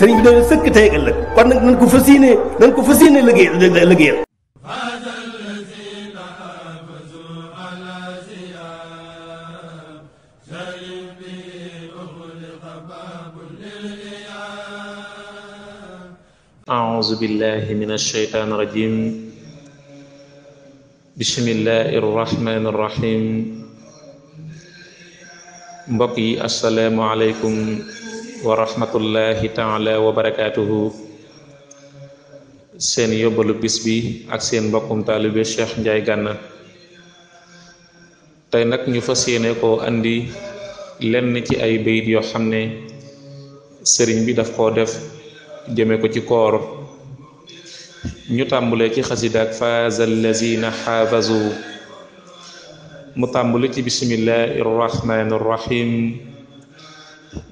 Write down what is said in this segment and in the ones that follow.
sëriñ bi dañu sëkk tey ëllëg kon nag nañ ko fas yéene nañ ko fas yéene liggéey liggéeyal أعوذ بالله من الشيطان الرجيم بسم الله الرحمن الرحيم mbokk yi assalaamu alaykum wa rahmatullahi taala wa barakaatuhu seen yóbbalu bis bi ak seen mbokkum taalibe Cheikh Ndiaye Gana tey nag ñu fas yéene koo indi lenn ci ay bayit yoo xam ne sëriñ bi daf koo def jëme ko ci koor ñu tàmbulee ci xasida ak faaza allazina xaafazu mu tàmbule ci bismillahi irrahmani irrahim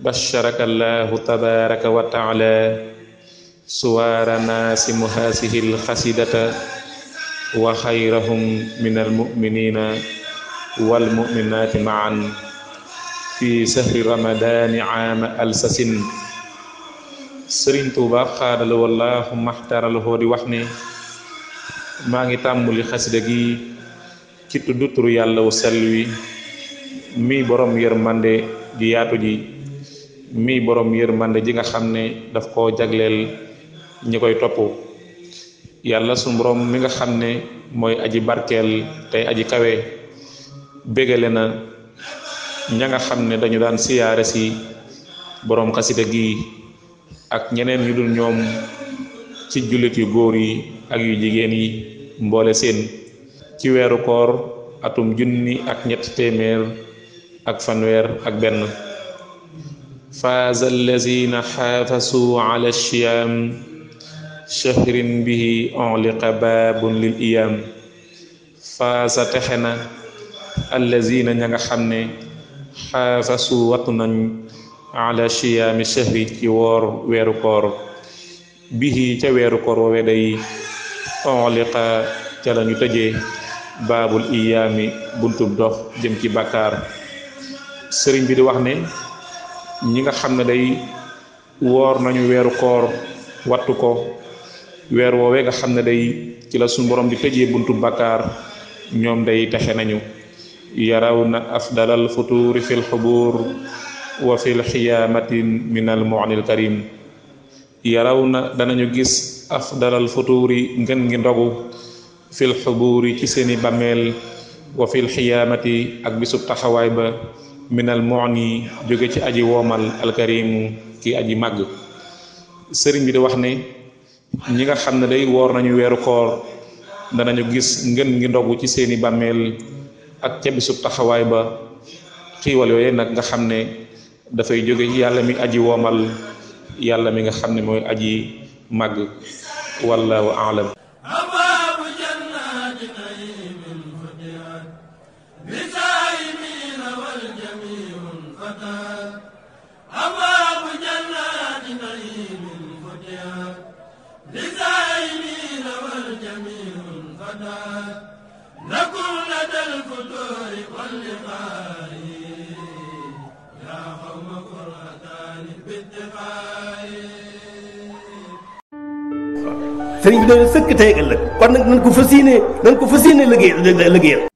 بشرك الله تبارك وتعالى سوار ناسم هذه الخسيدة وخيرهم من المؤمنين والمؤمنات معا في شهر رمضان عام ألسس Sëriñ Tuuba xaadala wallaahu maxtaaralahoo di wax ne maa ngi tàmbali xasida gi ci tudd turu yàlla wu sell wi mi borom yërmande ji yaatu ji mi borom yërmande ji nga xam ne daf koo jagleel ñi koy topp yàlla suñu borom mi nga xam ne mooy aji barkeel tey aji kawe bégale na ña nga xam ne dañu daan siyaare si boroom xasida gi ak ñeneen ñu dul ñoom ci jullit yu góor yi ak yu jigéen yi mboole seen ci weeru koor atum junni ak ñett téeméer ak fanweer ak benn فاز الذين حافظوا على الشيام شهر به أعلق باب للإيام فاز تخنا الذين نغا حافظوا وطنا على شيام شهر كوار ويركور به كويركور ويدي أعلق جلن يتجي baabul iyaami buntub dox jëm ci bàkkaar sëriñ bi di wax ne ñi nga xam ne day woor nañu weeru koor wattu ko weer woowee nga xam ne day ci la suñu borom di tëje buntu bakkaar ñoom day texe nañu yaraw na afdalal futuuri fil xubuur wa fil xiyaamati min al karim yaraw na danañu gis afdalal futuuri ngën ngi ndogu fil xubuuri ci seeni bàmmeel wa fil xiyaamati ak bisub taxawaay ba minal mu'ni jóge ci aji woomal alkarimu ki aji màgg sëriñ bi di wax ne ñi nga xam ne day woor nañu weeru koor danañu gis ngën ngi ndogu ci seeni bàmmeel ak ca bisub taxawaay ba xiiwal yooyu nag nga xam ne dafay jóge ci yàlla mi aji woomal yàlla mi nga xam ne mooy aji màgg wallahu aalam لزائمين والجميع انفدى نكن لدى الفتور واللقاء يا قوم قرتان باتفاق sëriñ bi dana sëkk tey ak ëllëg kon nag nañ ko fas yéene nañ ko fas yéene liggéey liggéeyal